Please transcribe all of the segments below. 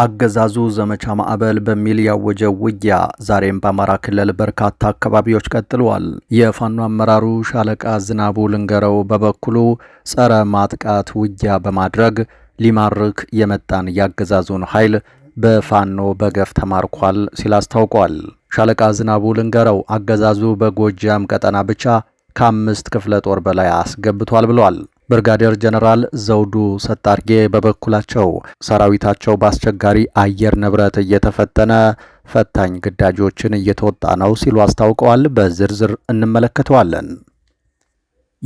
አገዛዙ ዘመቻ ማዕበል በሚል ያወጀው ውጊያ ዛሬም በአማራ ክልል በርካታ አካባቢዎች ቀጥለዋል። የፋኖ አመራሩ ሻለቃ ዝናቡ ልንገረው በበኩሉ ጸረ ማጥቃት ውጊያ በማድረግ ሊማርክ የመጣን ያገዛዙን ኃይል በፋኖ በገፍ ተማርኳል ሲል አስታውቋል። ሻለቃ ዝናቡ ልንገረው አገዛዙ በጎጃም ቀጠና ብቻ ከአምስት ክፍለ ጦር በላይ አስገብቷል ብሏል። ብርጋዴር ጀነራል ዘውዱ ሰጣርጌ በበኩላቸው ሰራዊታቸው በአስቸጋሪ አየር ንብረት እየተፈተነ ፈታኝ ግዳጆችን እየተወጣ ነው ሲሉ አስታውቀዋል። በዝርዝር እንመለከተዋለን።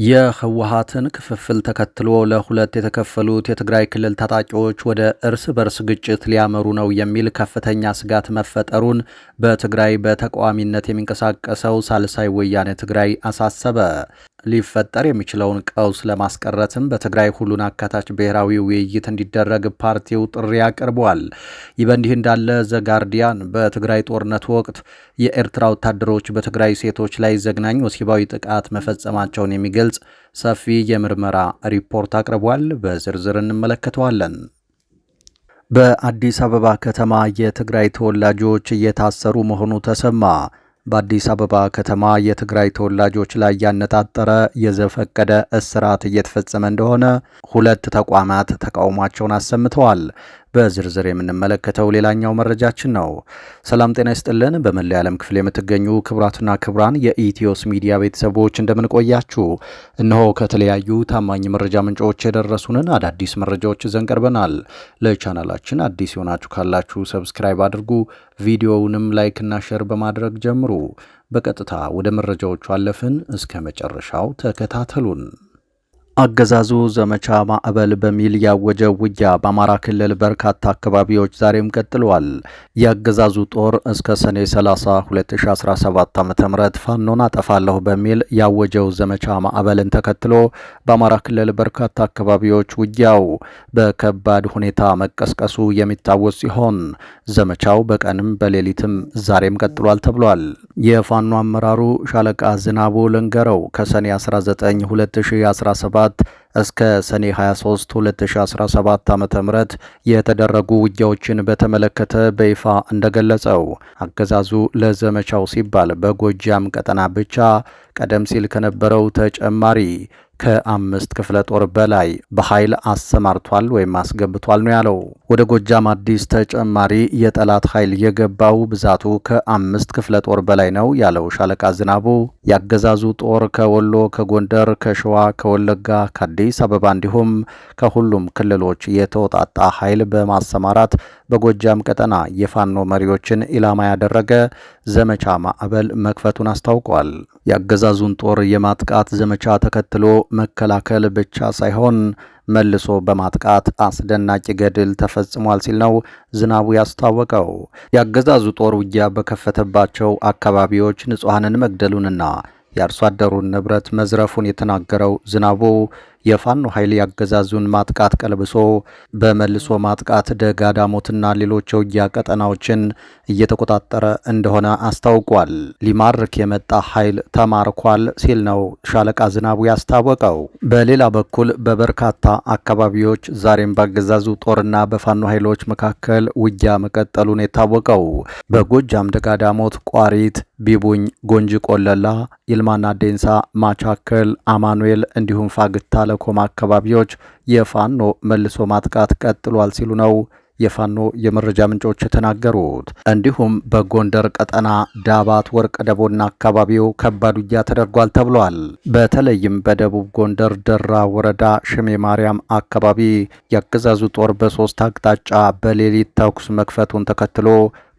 የህወሀትን ክፍፍል ተከትሎ ለሁለት የተከፈሉት የትግራይ ክልል ታጣቂዎች ወደ እርስ በርስ ግጭት ሊያመሩ ነው የሚል ከፍተኛ ስጋት መፈጠሩን በትግራይ በተቃዋሚነት የሚንቀሳቀሰው ሳልሳይ ወያኔ ትግራይ አሳሰበ። ሊፈጠር የሚችለውን ቀውስ ለማስቀረትም በትግራይ ሁሉን አካታች ብሔራዊ ውይይት እንዲደረግ ፓርቲው ጥሪ አቅርቧል። ይህ በእንዲህ እንዳለ ዘጋርዲያን በትግራይ ጦርነት ወቅት የኤርትራ ወታደሮች በትግራይ ሴቶች ላይ ዘግናኝ ወሲባዊ ጥቃት መፈጸማቸውን የሚገልጽ ሰፊ የምርመራ ሪፖርት አቅርቧል። በዝርዝር እንመለከተዋለን። በአዲስ አበባ ከተማ የትግራይ ተወላጆች እየታሰሩ መሆኑ ተሰማ። በአዲስ አበባ ከተማ የትግራይ ተወላጆች ላይ ያነጣጠረ የዘፈቀደ እስራት እየተፈጸመ እንደሆነ ሁለት ተቋማት ተቃውሟቸውን አሰምተዋል። በዝርዝር የምንመለከተው ሌላኛው መረጃችን ነው። ሰላም ጤና ይስጥልን። በመላ ዓለም ክፍል የምትገኙ ክቡራትና ክቡራን የኢትዮስ ሚዲያ ቤተሰቦች እንደምንቆያችሁ፣ እነሆ ከተለያዩ ታማኝ መረጃ ምንጮች የደረሱንን አዳዲስ መረጃዎች ይዘን ቀርበናል። ለቻናላችን አዲስ የሆናችሁ ካላችሁ ሰብስክራይብ አድርጉ፣ ቪዲዮውንም ላይክና ሼር በማድረግ ጀምሩ። በቀጥታ ወደ መረጃዎቹ አለፍን። እስከ መጨረሻው ተከታተሉን። አገዛዙ ዘመቻ ማዕበል በሚል ያወጀው ውጊያ በአማራ ክልል በርካታ አካባቢዎች ዛሬም ቀጥለዋል። የአገዛዙ ጦር እስከ ሰኔ 30 2017 ዓ.ም ፋኖን አጠፋለሁ በሚል ያወጀው ዘመቻ ማዕበልን ተከትሎ በአማራ ክልል በርካታ አካባቢዎች ውጊያው በከባድ ሁኔታ መቀስቀሱ የሚታወስ ሲሆን ዘመቻው በቀንም በሌሊትም ዛሬም ቀጥሏል ተብሏል። የፋኖ አመራሩ ሻለቃ ዝናቡ ልንገረው ከሰኔ 19 2017 2017 እስከ ሰኔ 23 2017 ዓ ም የተደረጉ ውጊያዎችን በተመለከተ በይፋ እንደገለጸው አገዛዙ ለዘመቻው ሲባል በጎጃም ቀጠና ብቻ ቀደም ሲል ከነበረው ተጨማሪ ከአምስት ክፍለ ጦር በላይ በኃይል አሰማርቷል ወይም አስገብቷል ነው ያለው። ወደ ጎጃም አዲስ ተጨማሪ የጠላት ኃይል የገባው ብዛቱ ከአምስት ክፍለ ጦር በላይ ነው ያለው ሻለቃ ዝናቡ ያገዛዙ ጦር ከወሎ፣ ከጎንደር፣ ከሸዋ፣ ከወለጋ፣ ከአዲስ አበባ እንዲሁም ከሁሉም ክልሎች የተውጣጣ ኃይል በማሰማራት በጎጃም ቀጠና የፋኖ መሪዎችን ኢላማ ያደረገ ዘመቻ ማዕበል መክፈቱን አስታውቋል። ያገዛዙን ጦር የማጥቃት ዘመቻ ተከትሎ መከላከል ብቻ ሳይሆን መልሶ በማጥቃት አስደናቂ ገድል ተፈጽሟል ሲል ነው ዝናቡ ያስታወቀው። የአገዛዙ ጦር ውጊያ በከፈተባቸው አካባቢዎች ንጹሐንን መግደሉንና የአርሶ አደሩን ንብረት መዝረፉን የተናገረው ዝናቡ የፋኖ ኃይል ያገዛዙን ማጥቃት ቀልብሶ በመልሶ ማጥቃት ደጋዳሞትና ሌሎች የውጊያ ቀጠናዎችን እየተቆጣጠረ እንደሆነ አስታውቋል። ሊማርክ የመጣ ኃይል ተማርኳል ሲል ነው ሻለቃ ዝናቡ ያስታወቀው። በሌላ በኩል በበርካታ አካባቢዎች ዛሬም ባገዛዙ ጦርና በፋኖ ኃይሎች መካከል ውጊያ መቀጠሉን የታወቀው በጎጃም ደጋዳሞት ቋሪት፣ ቢቡኝ፣ ጎንጂ ቆለላ፣ ይልማና ዴንሳ፣ ማቻከል፣ አማኑኤል እንዲሁም ፋግታ በኮማ አካባቢዎች የፋኖ መልሶ ማጥቃት ቀጥሏል ሲሉ ነው የፋኖ የመረጃ ምንጮች የተናገሩት። እንዲሁም በጎንደር ቀጠና ዳባት ወርቅ ደቦና አካባቢው ከባድ ውጊያ ተደርጓል ተብሏል። በተለይም በደቡብ ጎንደር ደራ ወረዳ ሽሜ ማርያም አካባቢ የአገዛዙ ጦር በሶስት አቅጣጫ በሌሊት ተኩስ መክፈቱን ተከትሎ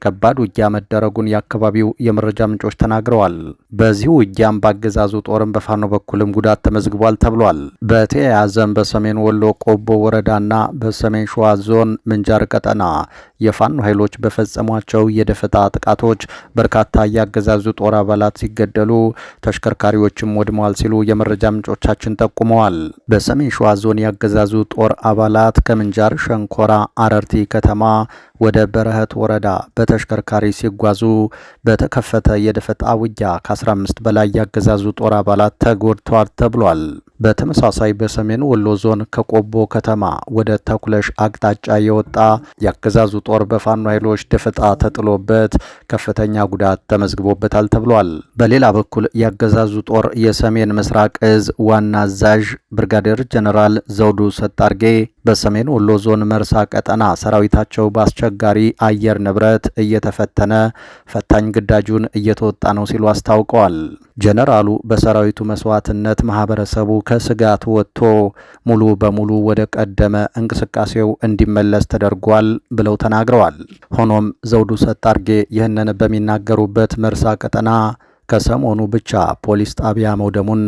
ከባድ ውጊያ መደረጉን የአካባቢው የመረጃ ምንጮች ተናግረዋል። በዚህ ውጊያም በአገዛዙ ጦርም በፋኖ በኩልም ጉዳት ተመዝግቧል ተብሏል። በተያያዘም በሰሜን ወሎ ቆቦ ወረዳና በሰሜን ሸዋ ዞን ምንጃር ቀጠና የፋኖ ኃይሎች በፈጸሟቸው የደፈጣ ጥቃቶች በርካታ የአገዛዙ ጦር አባላት ሲገደሉ ተሽከርካሪዎችም ወድመዋል ሲሉ የመረጃ ምንጮቻችን ጠቁመዋል። በሰሜን ሸዋ ዞን የአገዛዙ ጦር አባላት ከምንጃር ሸንኮራ አረርቲ ከተማ ወደ በረኸት ወረዳ በተሽከርካሪ ሲጓዙ በተከፈተ የደፈጣ ውጊያ ከ15 በላይ ያገዛዙ ጦር አባላት ተጎድተዋል ተብሏል። በተመሳሳይ በሰሜን ወሎ ዞን ከቆቦ ከተማ ወደ ተኩለሽ አቅጣጫ የወጣ ያገዛዙ ጦር በፋኖ ኃይሎች ደፈጣ ተጥሎበት ከፍተኛ ጉዳት ተመዝግቦበታል ተብሏል። በሌላ በኩል ያገዛዙ ጦር የሰሜን ምስራቅ እዝ ዋና አዛዥ ብርጋዴር ጀነራል ዘውዱ ሰጣርጌ በሰሜን ወሎ ዞን መርሳ ቀጠና ሰራዊታቸው በአስቸጋሪ አየር ንብረት እየተፈተነ ፈታኝ ግዳጁን እየተወጣ ነው ሲሉ አስታውቀዋል። ጀነራሉ በሰራዊቱ መስዋዕትነት ማህበረሰቡ ከስጋት ወጥቶ ሙሉ በሙሉ ወደ ቀደመ እንቅስቃሴው እንዲመለስ ተደርጓል ብለው ተናግረዋል። ሆኖም ዘውዱ ሰጣርጌ ይህንን በሚናገሩበት መርሳ ቀጠና ከሰሞኑ ብቻ ፖሊስ ጣቢያ መውደሙን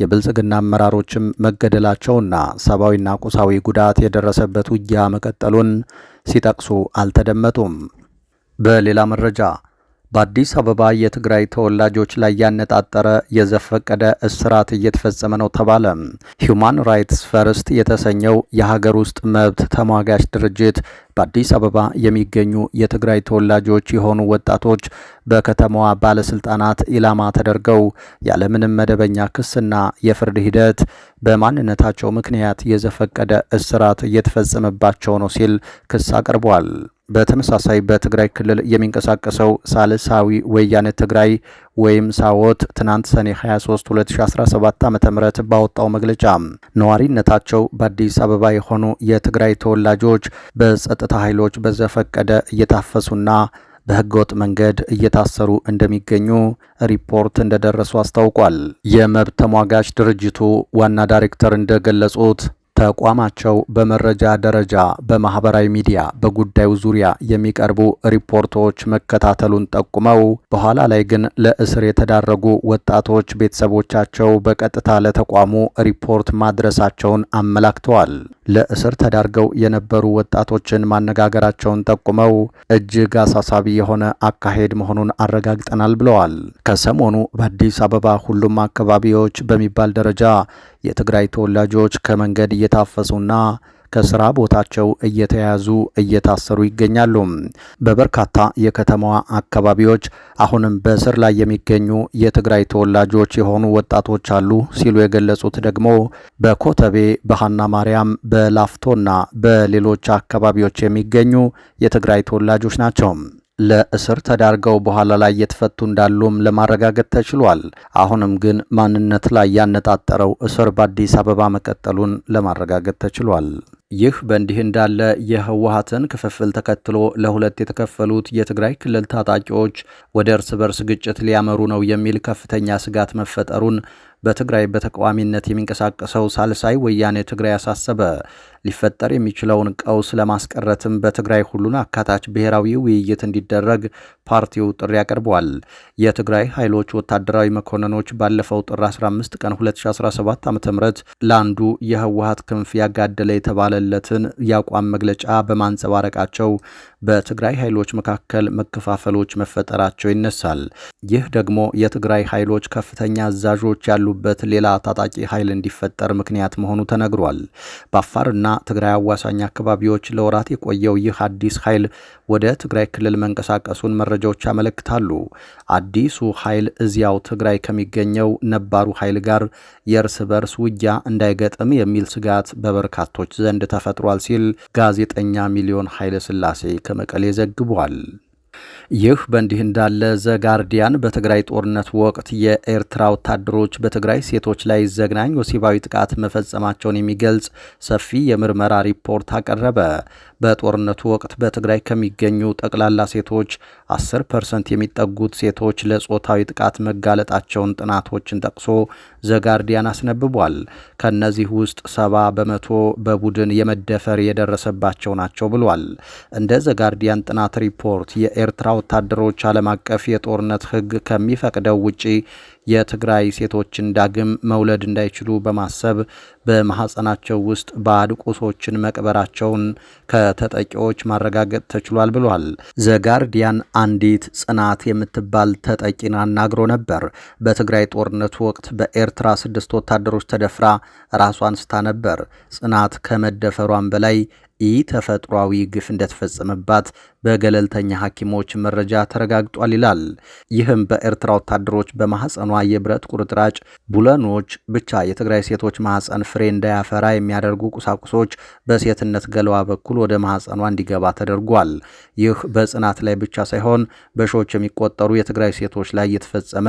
የብልጽግና አመራሮችም መገደላቸውና ሰብአዊና ቁሳዊ ጉዳት የደረሰበት ውጊያ መቀጠሉን ሲጠቅሱ አልተደመጡም። በሌላ መረጃ በአዲስ አበባ የትግራይ ተወላጆች ላይ ያነጣጠረ የዘፈቀደ እስራት እየተፈጸመ ነው ተባለ። ሂዩማን ራይትስ ፈርስት የተሰኘው የሀገር ውስጥ መብት ተሟጋች ድርጅት በአዲስ አበባ የሚገኙ የትግራይ ተወላጆች የሆኑ ወጣቶች በከተማዋ ባለስልጣናት ኢላማ ተደርገው ያለምንም መደበኛ ክስና የፍርድ ሂደት በማንነታቸው ምክንያት የዘፈቀደ እስራት እየተፈጸመባቸው ነው ሲል ክስ አቅርቧል። በተመሳሳይ በትግራይ ክልል የሚንቀሳቀሰው ሳልሳዊ ወያነ ትግራይ ወይም ሳዎት ትናንት ሰኔ 23 2017 ዓ ም ባወጣው መግለጫ ነዋሪነታቸው በአዲስ አበባ የሆኑ የትግራይ ተወላጆች በጸጥታ ኃይሎች በዘፈቀደ እየታፈሱና በህገወጥ መንገድ እየታሰሩ እንደሚገኙ ሪፖርት እንደደረሱ አስታውቋል። የመብት ተሟጋች ድርጅቱ ዋና ዳይሬክተር እንደገለጹት ተቋማቸው በመረጃ ደረጃ በማህበራዊ ሚዲያ በጉዳዩ ዙሪያ የሚቀርቡ ሪፖርቶች መከታተሉን ጠቁመው በኋላ ላይ ግን ለእስር የተዳረጉ ወጣቶች ቤተሰቦቻቸው በቀጥታ ለተቋሙ ሪፖርት ማድረሳቸውን አመላክተዋል። ለእስር ተዳርገው የነበሩ ወጣቶችን ማነጋገራቸውን ጠቁመው እጅግ አሳሳቢ የሆነ አካሄድ መሆኑን አረጋግጠናል ብለዋል። ከሰሞኑ በአዲስ አበባ ሁሉም አካባቢዎች በሚባል ደረጃ የትግራይ ተወላጆች ከመንገድ እየታፈሱና ከስራ ቦታቸው እየተያዙ እየታሰሩ ይገኛሉ። በበርካታ የከተማዋ አካባቢዎች አሁንም በእስር ላይ የሚገኙ የትግራይ ተወላጆች የሆኑ ወጣቶች አሉ ሲሉ የገለጹት ደግሞ በኮተቤ፣ በሀና ማርያም፣ በላፍቶና በሌሎች አካባቢዎች የሚገኙ የትግራይ ተወላጆች ናቸው። ለእስር ተዳርገው በኋላ ላይ የተፈቱ እንዳሉም ለማረጋገጥ ተችሏል። አሁንም ግን ማንነት ላይ ያነጣጠረው እስር በአዲስ አበባ መቀጠሉን ለማረጋገጥ ተችሏል። ይህ በእንዲህ እንዳለ የህወሀትን ክፍፍል ተከትሎ ለሁለት የተከፈሉት የትግራይ ክልል ታጣቂዎች ወደ እርስ በርስ ግጭት ሊያመሩ ነው የሚል ከፍተኛ ስጋት መፈጠሩን በትግራይ በተቃዋሚነት የሚንቀሳቀሰው ሳልሳይ ወያኔ ትግራይ አሳሰበ። ሊፈጠር የሚችለውን ቀውስ ለማስቀረትም በትግራይ ሁሉን አካታች ብሔራዊ ውይይት እንዲደረግ ፓርቲው ጥሪ አቅርቧል። የትግራይ ኃይሎች ወታደራዊ መኮንኖች ባለፈው ጥር 15 ቀን 2017 ዓ ም ለአንዱ የህወሀት ክንፍ ያጋደለ የተባለለትን የአቋም መግለጫ በማንጸባረቃቸው በትግራይ ኃይሎች መካከል መከፋፈሎች መፈጠራቸው ይነሳል። ይህ ደግሞ የትግራይ ኃይሎች ከፍተኛ አዛዦች ያሉ ባሉበት ሌላ ታጣቂ ኃይል እንዲፈጠር ምክንያት መሆኑ ተነግሯል። በአፋርና ትግራይ አዋሳኝ አካባቢዎች ለወራት የቆየው ይህ አዲስ ኃይል ወደ ትግራይ ክልል መንቀሳቀሱን መረጃዎች ያመለክታሉ። አዲሱ ኃይል እዚያው ትግራይ ከሚገኘው ነባሩ ኃይል ጋር የእርስ በርስ ውጊያ እንዳይገጥም የሚል ስጋት በበርካቶች ዘንድ ተፈጥሯል ሲል ጋዜጠኛ ሚሊዮን ኃይለ ስላሴ ከመቀሌ ዘግቧል። ይህ በእንዲህ እንዳለ ዘጋርዲያን በትግራይ ጦርነት ወቅት የኤርትራ ወታደሮች በትግራይ ሴቶች ላይ ዘግናኝ ወሲባዊ ጥቃት መፈጸማቸውን የሚገልጽ ሰፊ የምርመራ ሪፖርት አቀረበ። በጦርነቱ ወቅት በትግራይ ከሚገኙ ጠቅላላ ሴቶች 10 ፐርሰንት የሚጠጉት ሴቶች ለጾታዊ ጥቃት መጋለጣቸውን ጥናቶችን ጠቅሶ ዘጋርዲያን አስነብቧል። ከእነዚህ ውስጥ ሰባ በመቶ በቡድን የመደፈር የደረሰባቸው ናቸው ብሏል። እንደ ዘጋርዲያን ጥናት ሪፖርት የኤርትራ ወታደሮች ዓለም አቀፍ የጦርነት ሕግ ከሚፈቅደው ውጪ የትግራይ ሴቶችን ዳግም መውለድ እንዳይችሉ በማሰብ በማህፀናቸው ውስጥ ባዕድ ቁሶችን መቅበራቸውን ከተጠቂዎች ማረጋገጥ ተችሏል ብሏል። ዘጋርዲያን አንዲት ጽናት የምትባል ተጠቂን አናግሮ ነበር። በትግራይ ጦርነቱ ወቅት በኤርትራ ስድስት ወታደሮች ተደፍራ ራሷን ስታ ነበር። ጽናት ከመደፈሯን በላይ ይህ ተፈጥሯዊ ግፍ እንደተፈጸመባት በገለልተኛ ሐኪሞች መረጃ ተረጋግጧል ይላል። ይህም በኤርትራ ወታደሮች በማኅፀኗ የብረት ቁርጥራጭ ቡለኖች ብቻ የትግራይ ሴቶች ማህፀን ፍሬ እንዳያፈራ የሚያደርጉ ቁሳቁሶች በሴትነት ገለዋ በኩል ወደ ማህፀኗ እንዲገባ ተደርጓል። ይህ በጽናት ላይ ብቻ ሳይሆን በሺዎች የሚቆጠሩ የትግራይ ሴቶች ላይ የተፈጸመ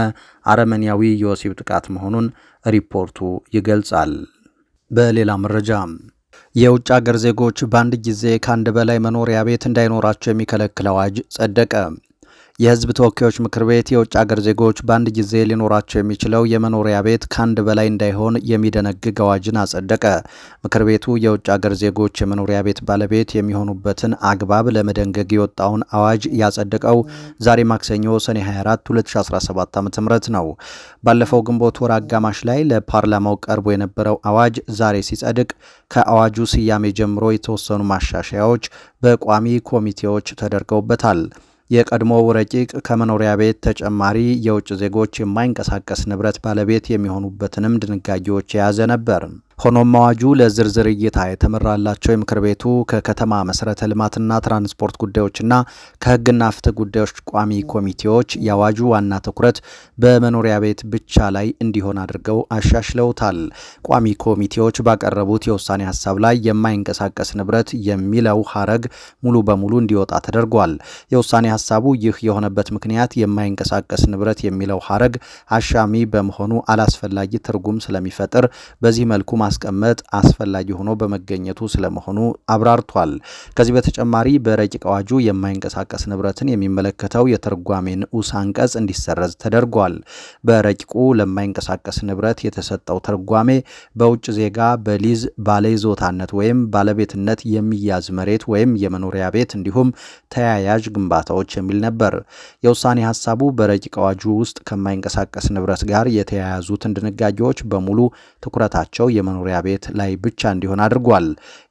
አረመኔያዊ የወሲብ ጥቃት መሆኑን ሪፖርቱ ይገልጻል። በሌላ መረጃ የውጭ አገር ዜጎች በአንድ ጊዜ ከአንድ በላይ መኖሪያ ቤት እንዳይኖራቸው የሚከለክል አዋጅ ጸደቀ። የህዝብ ተወካዮች ምክር ቤት የውጭ አገር ዜጎች በአንድ ጊዜ ሊኖራቸው የሚችለው የመኖሪያ ቤት ከአንድ በላይ እንዳይሆን የሚደነግግ አዋጅን አጸደቀ። ምክር ቤቱ የውጭ አገር ዜጎች የመኖሪያ ቤት ባለቤት የሚሆኑበትን አግባብ ለመደንገግ የወጣውን አዋጅ ያጸደቀው ዛሬ ማክሰኞ ሰኔ 24 2017 ዓ ም ነው። ባለፈው ግንቦት ወር አጋማሽ ላይ ለፓርላማው ቀርቦ የነበረው አዋጅ ዛሬ ሲጸድቅ ከአዋጁ ስያሜ ጀምሮ የተወሰኑ ማሻሻያዎች በቋሚ ኮሚቴዎች ተደርገውበታል። የቀድሞው ረቂቅ ከመኖሪያ ቤት ተጨማሪ የውጭ ዜጎች የማይንቀሳቀስ ንብረት ባለቤት የሚሆኑበትንም ድንጋጌዎች የያዘ ነበር። ሆኖም አዋጁ ለዝርዝር እይታ የተመራላቸው የምክር ቤቱ ከከተማ መሰረተ ልማትና ትራንስፖርት ጉዳዮችና ከህግና ፍትህ ጉዳዮች ቋሚ ኮሚቴዎች የአዋጁ ዋና ትኩረት በመኖሪያ ቤት ብቻ ላይ እንዲሆን አድርገው አሻሽለውታል። ቋሚ ኮሚቴዎች ባቀረቡት የውሳኔ ሀሳብ ላይ የማይንቀሳቀስ ንብረት የሚለው ሀረግ ሙሉ በሙሉ እንዲወጣ ተደርጓል። የውሳኔ ሀሳቡ ይህ የሆነበት ምክንያት የማይንቀሳቀስ ንብረት የሚለው ሀረግ አሻሚ በመሆኑ አላስፈላጊ ትርጉም ስለሚፈጥር በዚህ መልኩ ለማስቀመጥ አስፈላጊ ሆኖ በመገኘቱ ስለመሆኑ አብራርቷል። ከዚህ በተጨማሪ በረቂቅ አዋጁ የማይንቀሳቀስ ንብረትን የሚመለከተው የትርጓሜ ንዑስ አንቀጽ እንዲሰረዝ ተደርጓል። በረቂቁ ለማይንቀሳቀስ ንብረት የተሰጠው ተርጓሜ በውጭ ዜጋ በሊዝ ባለይዞታነት ወይም ባለቤትነት የሚያዝ መሬት ወይም የመኖሪያ ቤት እንዲሁም ተያያዥ ግንባታዎች የሚል ነበር። የውሳኔ ሀሳቡ በረቂቅ አዋጁ ውስጥ ከማይንቀሳቀስ ንብረት ጋር የተያያዙትን ድንጋጌዎች በሙሉ ትኩረታቸው መኖሪያ ቤት ላይ ብቻ እንዲሆን አድርጓል።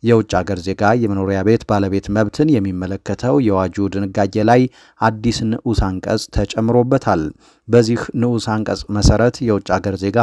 የውጭ አገር ዜጋ የመኖሪያ ቤት ባለቤት መብትን የሚመለከተው የዋጁ ድንጋጌ ላይ አዲስ ንዑስ አንቀጽ ተጨምሮበታል። በዚህ ንዑስ አንቀጽ መሰረት የውጭ አገር ዜጋ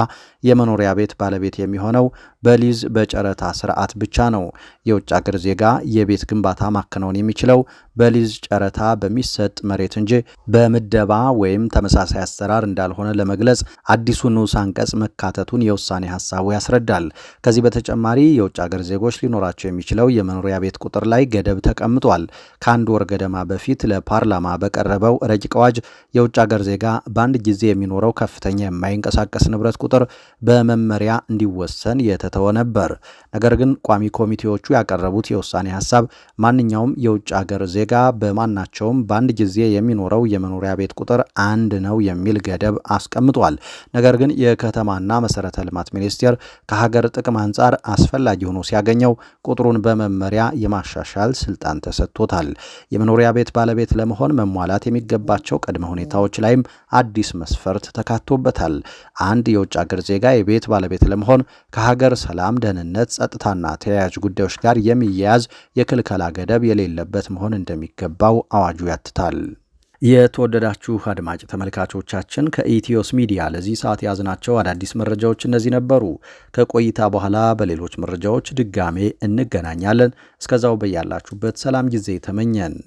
የመኖሪያ ቤት ባለቤት የሚሆነው በሊዝ በጨረታ ስርዓት ብቻ ነው። የውጭ አገር ዜጋ የቤት ግንባታ ማከናወን የሚችለው በሊዝ ጨረታ በሚሰጥ መሬት እንጂ በምደባ ወይም ተመሳሳይ አሰራር እንዳልሆነ ለመግለጽ አዲሱ ንዑስ አንቀጽ መካተቱን የውሳኔ ሀሳቡ ያስረዳል። ከዚህ በተጨማሪ የውጭ አገር ዜጎች ሊኖራቸው የሚችለው የመኖሪያ ቤት ቁጥር ላይ ገደብ ተቀምጧል። ከአንድ ወር ገደማ በፊት ለፓርላማ በቀረበው ረቂቅ አዋጅ የውጭ አገር ዜጋ አንድ ጊዜ የሚኖረው ከፍተኛ የማይንቀሳቀስ ንብረት ቁጥር በመመሪያ እንዲወሰን የተተወ ነበር። ነገር ግን ቋሚ ኮሚቴዎቹ ያቀረቡት የውሳኔ ሀሳብ ማንኛውም የውጭ ሀገር ዜጋ በማናቸውም በአንድ ጊዜ የሚኖረው የመኖሪያ ቤት ቁጥር አንድ ነው የሚል ገደብ አስቀምጧል። ነገር ግን የከተማና መሰረተ ልማት ሚኒስቴር ከሀገር ጥቅም አንጻር አስፈላጊ ሆኖ ሲያገኘው ቁጥሩን በመመሪያ የማሻሻል ስልጣን ተሰጥቶታል። የመኖሪያ ቤት ባለቤት ለመሆን መሟላት የሚገባቸው ቅድመ ሁኔታዎች ላይም አዲስ አዲስ መስፈርት ተካቶበታል። አንድ የውጭ አገር ዜጋ የቤት ባለቤት ለመሆን ከሀገር ሰላም፣ ደህንነት፣ ጸጥታና ተያያዥ ጉዳዮች ጋር የሚያያዝ የክልከላ ገደብ የሌለበት መሆን እንደሚገባው አዋጁ ያትታል። የተወደዳችሁ አድማጭ ተመልካቾቻችን ከኢትዮስ ሚዲያ ለዚህ ሰዓት የያዝናቸው አዳዲስ መረጃዎች እነዚህ ነበሩ። ከቆይታ በኋላ በሌሎች መረጃዎች ድጋሜ እንገናኛለን። እስከዛው በያላችሁበት ሰላም ጊዜ ተመኘን።